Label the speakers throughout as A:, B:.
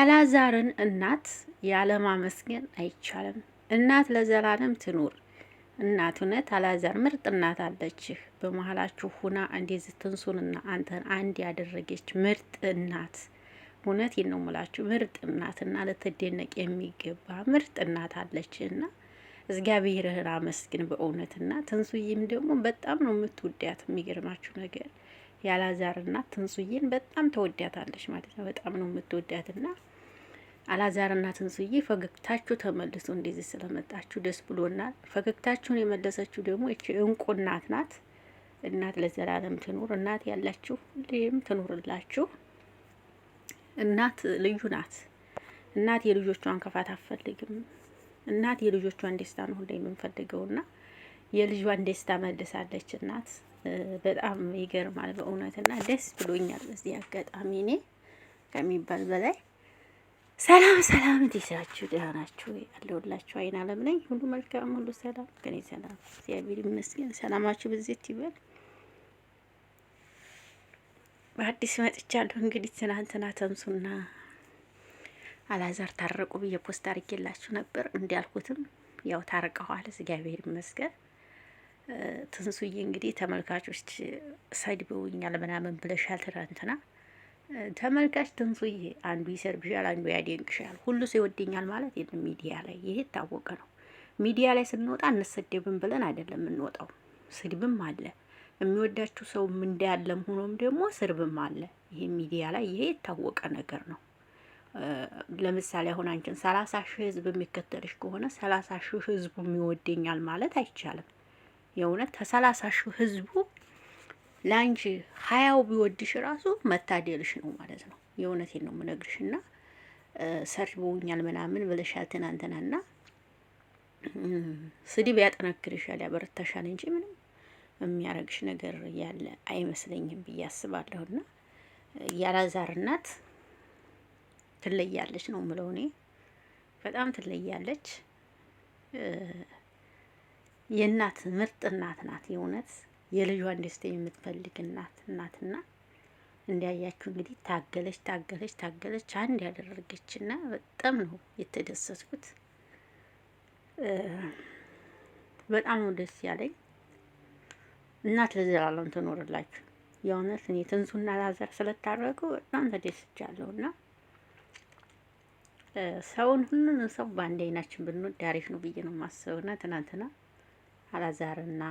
A: የአላዛርን እናት ያለማመስገን አይቻልም። እናት ለዘላለም ትኑር። እናት እውነት አላዛር ምርጥ እናት አለችህ። በመሀላችሁ ሁና እንደዚህ ትንሱንና አንተን አንድ ያደረገች ምርጥ እናት እውነት ነው የምላችሁ ምርጥ እናትና ልትደነቅ የሚገባ ምርጥ እናት አለችህና እግዚአብሔርህን አመስግን በእውነትና ትንሱይም ደግሞ በጣም ነው የምትወዳት። የሚገርማችሁ ነገር ያላዛር እናት ትንሱዬን በጣም ተወዳታለች ማለት ነው። በጣም ነው የምትወዳትና አላዛርና ትንሱዬ ፈገግታችሁ ተመልሶ እንደዚህ ስለመጣችሁ ደስ ብሎናል። ፈገግታችሁን የመለሰችው ደግሞ እቺ እንቁ እናት ናት። እናት ለዘላለም ትኑር። እናት ያላችሁ ሁሌም ትኑርላችሁ። እናት ልዩ ናት። እናት የልጆቿን ክፋት አትፈልግም። እናት የልጆቿን ደስታ ነው ሁሌ የምንፈልገውና የልጇን ደስታ መልሳለች እናት። በጣም ይገርማል በእውነትና ደስ ብሎኛል በዚህ አጋጣሚ እኔ ከሚባል በላይ ሰላም ሰላም፣ እንዴት ናችሁ? ደህና ናችሁ? አለሁላችሁ። አይን አለም ነኝ። ሁሉ መልካም፣ ሁሉ ሰላም፣ ከኔ ሰላም፣ እግዚአብሔር ይመስገን። ሰላማችሁ ብዜት ይበል። በአዲስ መጥቻለሁ። እንግዲህ ትናንትና ተምሱና አላዛር ታረቁ ብዬ ፖስት አድርጌላችሁ ነበር። እንዲያልኩትም ያው ታርቀዋል፣ እግዚአብሔር ይመስገን። ትንሱዬ እንግዲህ ተመልካቾች ሰድበውኛል ምናምን ብለሻል ትናንትና ተመልካች ትንሱዬ አንዱ ይሰርብሻል፣ አንዱ ያደንቅሻል። ሁሉ ሰው ይወደኛል ማለት የለም ሚዲያ ላይ ይሄ የታወቀ ነው። ሚዲያ ላይ ስንወጣ እንሰደብም ብለን አይደለም የምንወጣው። ስድብም አለ የሚወዳችሁ ሰው እንዳያለም ሆኖም ደግሞ ስድብም አለ። ይሄ ሚዲያ ላይ ይሄ የታወቀ ነገር ነው። ለምሳሌ አሁን አንቺን ሰላሳ ሺህ ህዝብ የሚከተልሽ ከሆነ ሰላሳ ሺህ ህዝቡ ይወደኛል ማለት አይቻልም። የእውነት ከሰላሳ ሺህ ህዝቡ ለአንቺ ሀያው ቢወድሽ ራሱ መታደልሽ ነው ማለት ነው። የእውነቴን ነው የምነግርሽ። እና ሰርቦኛል ምናምን ብለሻል ትናንትና እና ስድብ ያጠናክርሻል ያበረታሻል እንጂ ምንም የሚያረግሽ ነገር ያለ አይመስለኝም ብዬ አስባለሁ። እና እናት ትለያለች ነው ምለው እኔ በጣም ትለያለች። የእናት ምርጥ እናት ናት የእውነት የልጇን ደስታ የምትፈልግ እናት እናትና እንዲያያችሁ እንግዲህ ታገለች ታገለች ታገለች አንድ ያደረገች እና በጣም ነው የተደሰትኩት። በጣም ነው ደስ ያለኝ። እናት ለዘላለም ትኖርላችሁ። የእውነት እኔ ትንሱና ላዘር ስለታረቁ በጣም ተደስቻለሁ እና ሰውን ሁሉን ሰው በአንድ አይናችን ብንወድ አሪፍ ነው ብዬ ነው የማስበው እና ትናንትና አላዛርና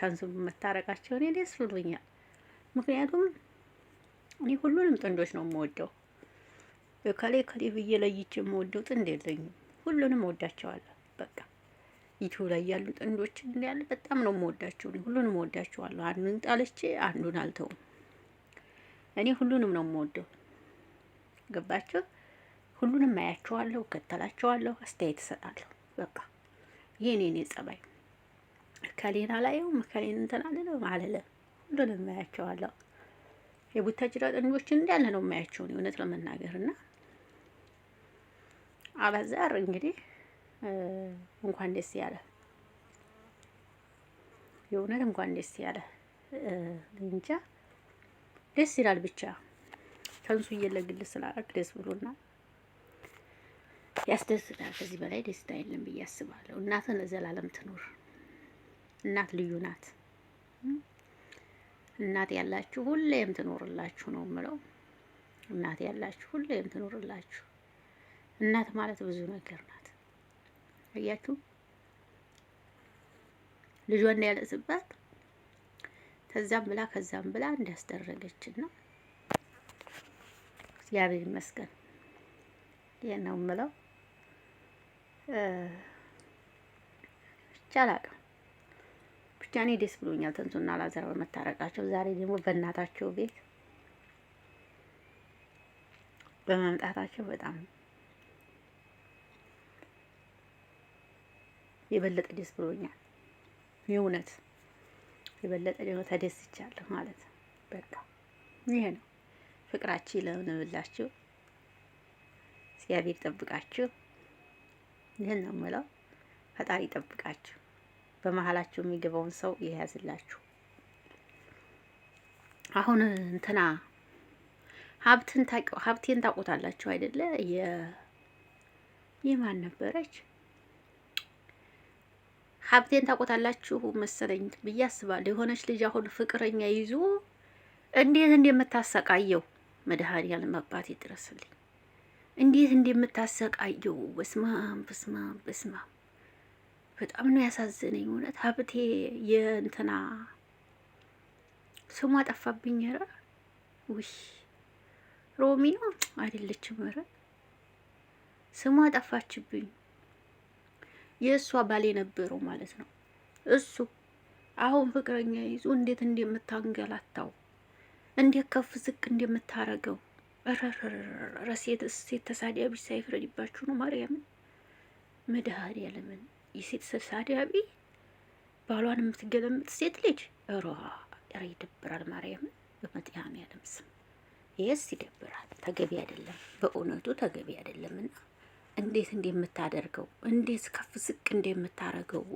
A: ተንሱ መታረቃቸው እኔ ደስ ብሎኛል። ምክንያቱም እኔ ሁሉንም ጥንዶች ነው የምወደው። ከሌ ከሌ ብዬ ለይቼ የምወደው ጥንድ የለኝም። ሁሉንም ወዳቸዋለሁ። በቃ ዩቲዩብ ላይ ያሉ ጥንዶች እንዳለ በጣም ነው የምወዳቸው። እኔ ሁሉንም ወዳቸዋለሁ። አንዱን ጣልቼ አንዱን አልተውም። እኔ ሁሉንም ነው የምወደው። ገባቸው። ሁሉንም አያቸዋለሁ፣ እከተላቸዋለሁ፣ አስተያየት እሰጣለሁ። በቃ ይሄ እኔ ጸባይ እከሌን አላየውም እከሌን እንትን አልልም አልልም። ሁሉንም የማያቸዋለሁ። የቡታጅራ ጥንዶችን እንዳለ ነው የማያቸውን እውነት ለመናገር እና አባዛር እንግዲህ እንኳን ደስ ያለ የእውነት እንኳን ደስ ያለ እንጃ ደስ ይላል። ብቻ ተንሱ እየለግል ስላደረግ ደስ ብሎና ያስደስታል። ከዚህ በላይ ደስታ የለም ብዬ አስባለሁ። እናትህ ለዘላለም ትኑር። እናት ልዩ ናት። እናት ያላችሁ ሁሌም ትኖርላችሁ ነው የምለው። እናት ያላችሁ ሁሌም ትኖርላችሁ። እናት ማለት ብዙ ነገር ናት። አያችሁ ልጇ እንዳያለቅስባት ከዛም ብላ ከዛም ብላ እንዳስደረገች ነው። እግዚአብሔር ይመስገን። ይህ ነው የምለው። ይቻላል ብቻ እኔ ደስ ብሎኛል ተንሱና አላዛር በመታረቃቸው። ዛሬ ደግሞ በእናታቸው ቤት በመምጣታቸው በጣም የበለጠ ደስ ብሎኛል። የእውነት የበለጠ ደግሞ ተደስቻለሁ ማለት ነው። በቃ ይሄ ነው ፍቅራችሁ ለምንብላችሁ እግዚአብሔር ይጠብቃችሁ። ይህን ነው የምለው። ፈጣሪ ይጠብቃችሁ። በመሀላችሁ የሚገባውን ሰው ይያዝላችሁ። አሁን እንትና ሀብትን ታውቂው ሀብቴን ታውቁታላችሁ አይደለ? የ የማን ነበረች ሀብቴን ታውቁታላችሁ መሰለኝ ብዬ አስባለሁ። የሆነች ልጅ አሁን ፍቅረኛ ይዞ እንዴት እንደምታሰቃየው መድኃኒዓለም አባቴ ይድረስልኝ። እንዴት እንደምታሰቃየው በስማም በስማም በስማም በጣም ነው ያሳዘነኝ። እውነት ሀብቴ የእንትና ስሟ ጠፋብኝ። ኧረ ውይ ሮሚ ነው አይደለችም። ኧረ ስሟ ጠፋችብኝ። የእሷ ባል የነበረው ማለት ነው እሱ አሁን ፍቅረኛ ይዞ እንዴት እንደምታንገላታው እንዴት ከፍ ዝቅ እንደምታረገው ረረረረ ሴት ሴት ተሳዳቢ ሳይፍረድባችሁ ነው ማርያምን ያለምን የሴት ሰብሳዳቢ ባሏን የምትገለምጥ ሴት ልጅ ሮ ረ ይደብራል። ማርያም በመድኃኒዓለም ስም የስ ይደብራል። ተገቢ አይደለም፣ በእውነቱ ተገቢ አይደለምና እንዴት እንደምታደርገው እንዴት ከፍ ዝቅ እንደምታረገው